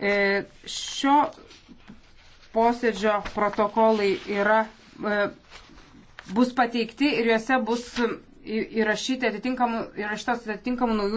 E, šio posėdžio protokolai yra, e, bus pateikti ir juose bus įrašyti atitinkamų, įrašytos atitinkamų naujų.